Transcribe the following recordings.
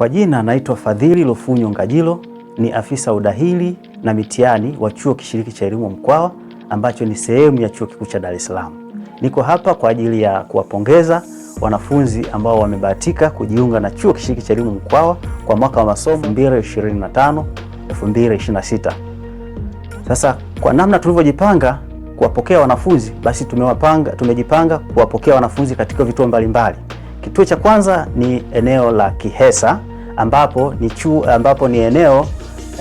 Kwa jina naitwa Fadhili Lufunyo Ngajilo, ni afisa udahili na mitihani wa chuo kishiriki cha elimu Mkwawa ambacho ni sehemu ya chuo kikuu cha Dar es Salaam. Niko hapa kwa ajili ya kuwapongeza wanafunzi ambao wamebahatika kujiunga na chuo kishiriki cha elimu Mkwawa kwa mwaka wa masomo 2025 2026. Sasa kwa namna tulivyojipanga kuwapokea wanafunzi basi tumewapanga, tumejipanga kuwapokea wanafunzi katika vituo mbalimbali. Kituo cha kwanza ni eneo la Kihesa ambapo ni chu, ambapo ni eneo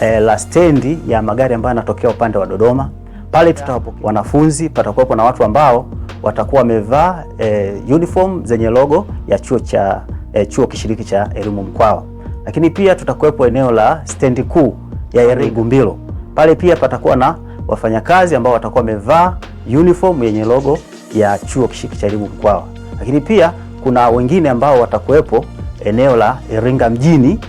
eh, la stendi ya magari ambayo yanatokea upande wa Dodoma. Pale tutapo wanafunzi patakuwepo na watu ambao watakuwa wamevaa e, uniform zenye logo ya chuo cha e, chuo kishiriki cha elimu Mkwawa, lakini pia tutakuwepo eneo la stendi kuu ya Yeri Gumbilo. Mm-hmm. Pale pia patakuwa na wafanyakazi ambao watakuwa wamevaa uniform yenye logo ya chuo kishiriki cha elimu Mkwawa, lakini pia kuna wengine ambao watakuwepo eneo la Iringa mjini,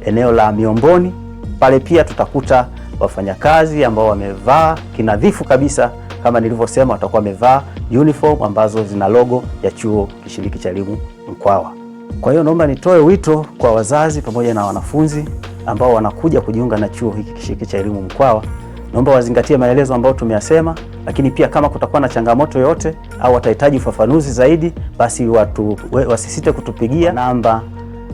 eneo la Miomboni. Pale pia tutakuta wafanyakazi ambao wamevaa kinadhifu kabisa, kama nilivyosema, watakuwa wamevaa uniform ambazo zina logo ya chuo kishiriki cha elimu Mkwawa. Kwa hiyo naomba nitoe wito kwa wazazi pamoja na wanafunzi ambao wanakuja kujiunga na chuo hiki kishiriki cha elimu Mkwawa, naomba wazingatie maelezo ambayo tumeyasema lakini pia kama kutakuwa na changamoto yoyote au watahitaji ufafanuzi zaidi, basi watu wasisite kutupigia namba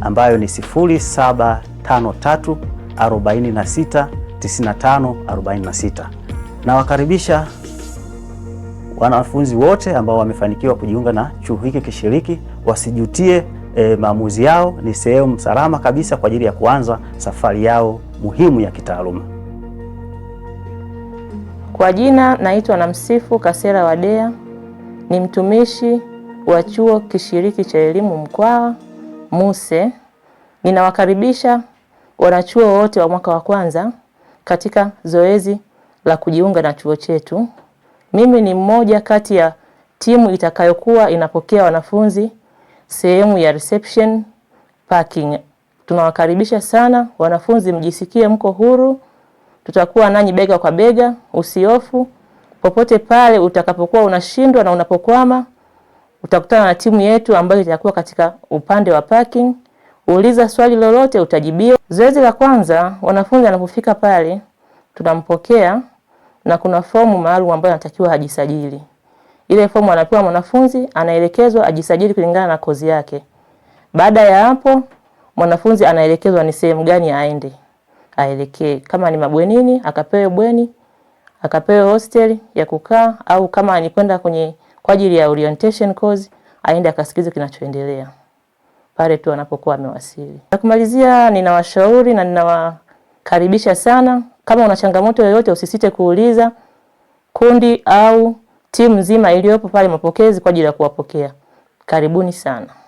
ambayo ni 0753469546. Nawakaribisha wanafunzi wote ambao wamefanikiwa kujiunga na chuo hiki kishiriki, wasijutie e, maamuzi yao. Ni sehemu salama kabisa kwa ajili ya kuanza safari yao muhimu ya kitaaluma. Kwa jina naitwa Namsifu Kasera Wadea, ni mtumishi wa chuo kishiriki cha elimu Mkwawa MUSE. Ninawakaribisha wanachuo wote wa mwaka wa kwanza katika zoezi la kujiunga na chuo chetu. Mimi ni mmoja kati ya timu itakayokuwa inapokea wanafunzi sehemu ya reception parking. Tunawakaribisha sana wanafunzi, mjisikie mko huru Tutakuwa nanyi bega kwa bega, usiofu popote pale utakapokuwa unashindwa na unapokwama. Utakutana na timu yetu ambayo itakuwa katika upande wa parking. Uliza swali lolote utajibiwa. Zoezi la kwanza, wanafunzi anapofika pale tunampokea na kuna fomu maalum ambayo anatakiwa ajisajili. Ile fomu anapewa mwanafunzi, anaelekezwa ajisajili kulingana na kozi yake. Baada ya hapo, mwanafunzi anaelekezwa ni sehemu gani aende aelekee, kama ni mabwenini akapewe bweni, akapewe hostel ya kukaa, au kama ni kwenda kwenye kwa ajili ya orientation course aende akasikize kinachoendelea pale tu anapokuwa amewasili. Na kumalizia, ninawashauri na ninawakaribisha sana, kama una changamoto yoyote usisite kuuliza kundi au timu nzima iliyopo pale mapokezi kwa ajili ya kuwapokea. Karibuni sana.